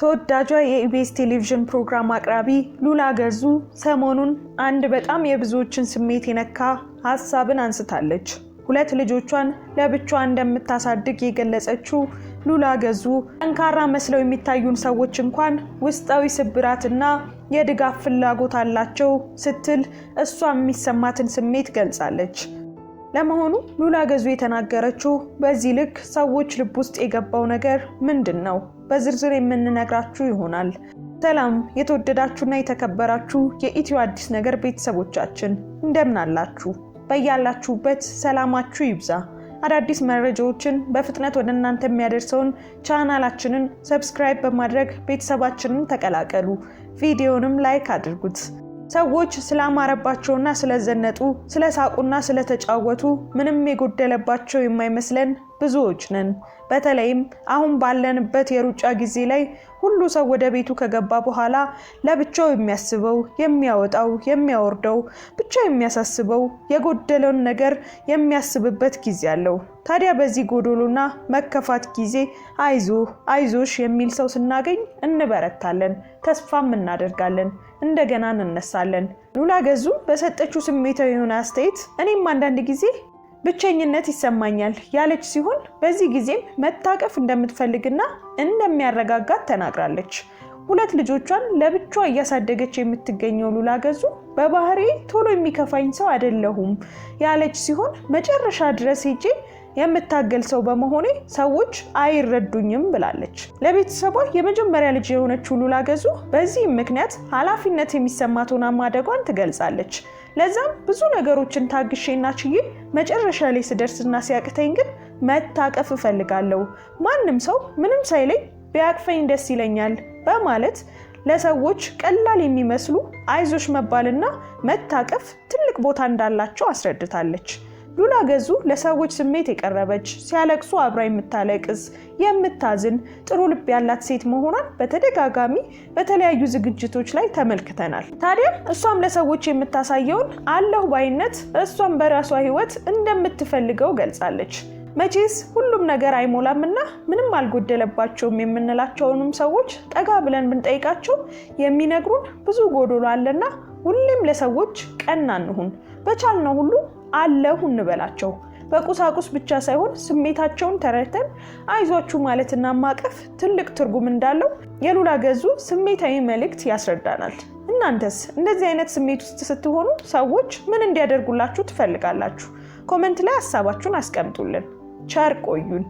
ተወዳጇ የኢቢኤስ ቴሌቪዥን ፕሮግራም አቅራቢ ሉላ ገርዙ ሰሞኑን አንድ በጣም የብዙዎችን ስሜት የነካ ሀሳብን አንስታለች። ሁለት ልጆቿን ለብቻዋ እንደምታሳድግ የገለጸችው ሉላ ገዙ ጠንካራ መስለው የሚታዩን ሰዎች እንኳን ውስጣዊ ስብራትና የድጋፍ ፍላጎት አላቸው ስትል እሷ የሚሰማትን ስሜት ገልጻለች። ለመሆኑ ሉላ ገዙ የተናገረችው በዚህ ልክ ሰዎች ልብ ውስጥ የገባው ነገር ምንድን ነው? በዝርዝር የምንነግራችሁ ይሆናል። ሰላም የተወደዳችሁና የተከበራችሁ የኢትዮ አዲስ ነገር ቤተሰቦቻችን እንደምን አላችሁ? በያላችሁበት ሰላማችሁ ይብዛ። አዳዲስ መረጃዎችን በፍጥነት ወደ እናንተ የሚያደርሰውን ቻናላችንን ሰብስክራይብ በማድረግ ቤተሰባችንን ተቀላቀሉ። ቪዲዮንም ላይክ አድርጉት። ሰዎች ስላማረባቸውና ስለዘነጡ ስለሳቁና ስለተጫወቱ ምንም የጎደለባቸው የማይመስለን ብዙዎች ነን። በተለይም አሁን ባለንበት የሩጫ ጊዜ ላይ ሁሉ ሰው ወደ ቤቱ ከገባ በኋላ ለብቻው የሚያስበው የሚያወጣው፣ የሚያወርደው ብቻ የሚያሳስበው የጎደለውን ነገር የሚያስብበት ጊዜ አለው። ታዲያ በዚህ ጎዶሎና መከፋት ጊዜ አይዞ አይዞሽ የሚል ሰው ስናገኝ እንበረታለን፣ ተስፋም እናደርጋለን፣ እንደገና እንነሳለን። ሉላ ገዙ በሰጠችው ስሜታዊ የሆነ አስተያየት እኔም አንዳንድ ጊዜ ብቸኝነት ይሰማኛል ያለች ሲሆን በዚህ ጊዜም መታቀፍ እንደምትፈልግና እንደሚያረጋጋት ተናግራለች። ሁለት ልጆቿን ለብቻዋ እያሳደገች የምትገኘው ሉላ ገዙ በባህሪ ቶሎ የሚከፋኝ ሰው አይደለሁም ያለች ሲሆን መጨረሻ ድረስ ሄጄ የምታገል ሰው በመሆኔ ሰዎች አይረዱኝም ብላለች። ለቤተሰቧ የመጀመሪያ ልጅ የሆነችው ሉላ ገዙ በዚህም ምክንያት ኃላፊነት የሚሰማት ሆና ማደጓን ትገልጻለች። ለዛም ብዙ ነገሮችን ታግሼና ችዬ መጨረሻ ላይ ስደርስና ሲያቅተኝ ግን መታቀፍ እፈልጋለሁ፣ ማንም ሰው ምንም ሳይለኝ ቢያቅፈኝ ደስ ይለኛል በማለት ለሰዎች ቀላል የሚመስሉ አይዞሽ መባልና መታቀፍ ትልቅ ቦታ እንዳላቸው አስረድታለች። ሉላ ገዙ ለሰዎች ስሜት የቀረበች ሲያለቅሱ አብራ የምታለቅስ የምታዝን ጥሩ ልብ ያላት ሴት መሆኗን በተደጋጋሚ በተለያዩ ዝግጅቶች ላይ ተመልክተናል። ታዲያ እሷም ለሰዎች የምታሳየውን አለሁ ባይነት እሷም በራሷ ሕይወት እንደምትፈልገው ገልጻለች። መቼስ ሁሉም ነገር አይሞላም እና ምንም አልጎደለባቸውም የምንላቸውንም ሰዎች ጠጋ ብለን ብንጠይቃቸው የሚነግሩን ብዙ ጎዶሎ አለና ሁሌም ለሰዎች ቀና እንሁን፣ በቻልነው ሁሉ አለሁ እንበላቸው። በቁሳቁስ ብቻ ሳይሆን ስሜታቸውን ተረድተን አይዟችሁ ማለትና ማቀፍ ትልቅ ትርጉም እንዳለው የሉላ ገዙ ስሜታዊ መልእክት ያስረዳናል። እናንተስ እንደዚህ አይነት ስሜት ውስጥ ስትሆኑ ሰዎች ምን እንዲያደርጉላችሁ ትፈልጋላችሁ? ኮመንት ላይ ሀሳባችሁን አስቀምጡልን። ቸር ቆዩን።